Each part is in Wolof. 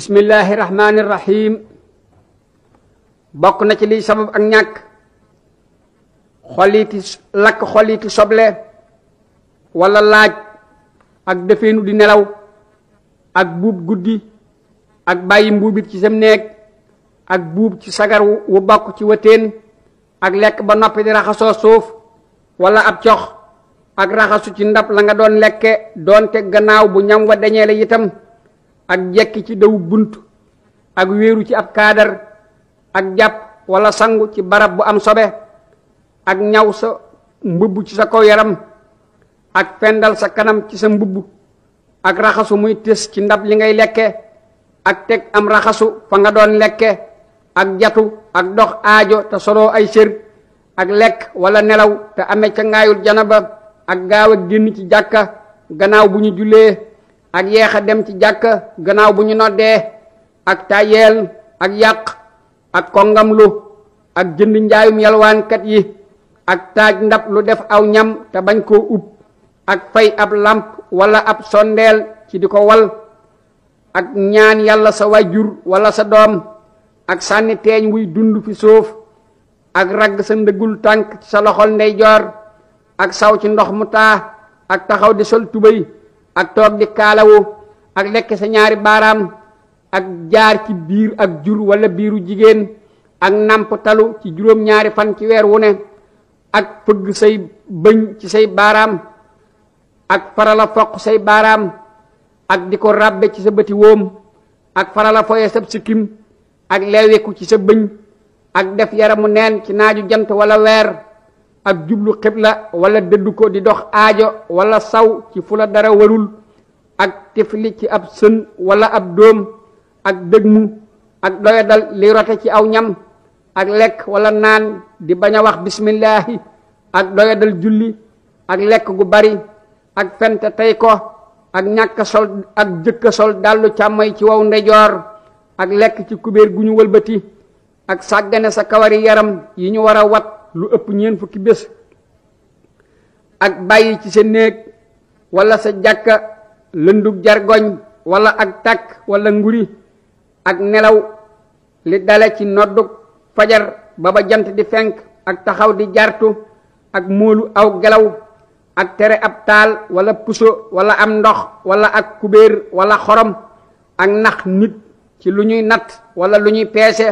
bismillahi rahmaani rahim bokk na ci liy sabab ak ñàkk xoliti lakk xoliti soble wala laaj ak defeenu di nelaw ak buub guddi ak bàyyi mbuubit ci sam néeg ak buub ci sagar wu bokk ci wëteen ak lekk ba noppi di raxasoo suuf wala ab cox ak raxasu ci ndab la nga doon lekke doonte gannaaw bu ñam wa dañee la itam ak jekki ci daw bunt ak wéeru ci ab kaadar ak jàpp wala sangu ci barab bu am sobe ak ñaw sa mbubb ci sa kaw yaram ak pendal sa kanam ci sa mbubb ak raxasu muy tes ci ndab li ngay lekke ak teg am raxasu fa nga doon lekke ak jatu ak dox aajo te soloo ay sër ak lekk wala nelaw te ame ca ngaayul janaba ak gaaw a génn ci jàkka gannaaw bu ñu jullee ak hadem dem ci jàkk gannaaw bu ñu noddee ak tayel ak yàq ak kongamlu ak jënd njaayum yalwaankat yi ak taaj ndab lu def aw ñam te bañ koo ub ak fay ab lamp wala ab sondeel ci di ko wal ak ñaan yàlla sa wajur wala sa doom ak sànni teeñ wuy dund fi suuf ak ragg sa ndëggul tànk ci sa loxol ak saw ci ndox mu taa ak taxaw di sol tubay ak toog di kaalawu ak lekk sa ñaari baaraam ak jaar ci biir ak jur wala biiru jigéen ak nàmp talu ci juróom ñaari fan ci weer wu ne ak fëgg say bëñ ci say baaraam ak farala foq say baaraam ak di ko ràbbe ci sa bëti woom ak farala foye sab sikkim ak leeweku ci sa bëñ ak def yaramu neen ci naaju jant wala weer ak jublu xibla wala dëddu ko di dox aajo wala saw ci fu dara warul ak tifli ci ab sën wala ab ak dëgmu ak doyadal li rote ci aw ñam ak lek wala naan di bañ wax bismillahi ak doyadal julli ak lek gu bari ak fente ko ak ñàkk sol ak jëkk sol dalu càmmoy ci waw ak lek ci kubéer gu ñu ak sàggane sa kawari yaram yi ñu wat lu ëpp ñeent fukki bés ak bàyyi ci sa néeg walla sa jàkka lëndug jargoñ walla ak tàkk walla nguri ak nelaw li dale ci noddug fajar ba ba jant di fenk ak taxaw di jartu ak móolu aw gelaw ak tere ab taal wala puso wala am ndox walla ak kubéer wala xorom ak nax nit ci lu ñuy natt wala lu ñuy peese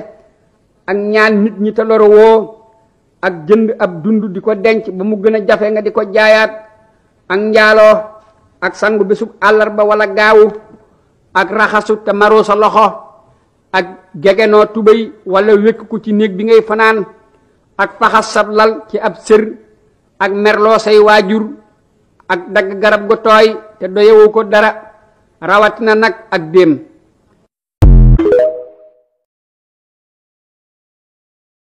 ak ñaan nit ñi te loro woo ak jënd ab dund di ko denc ba mu gën a jafe nga di ko jaayaat ak njaaloo ak sangu bésub àllarba wala gaawu ak raxasu te maroo sa loxo ak gegenoo tubéy walla wékk ko ci néeg bi ngay fanaan ak faxas sab lal ci ab sër ak merloo say waajur ak dagg garab gu tooy te doyewoo ko dara rawatina nag ak déem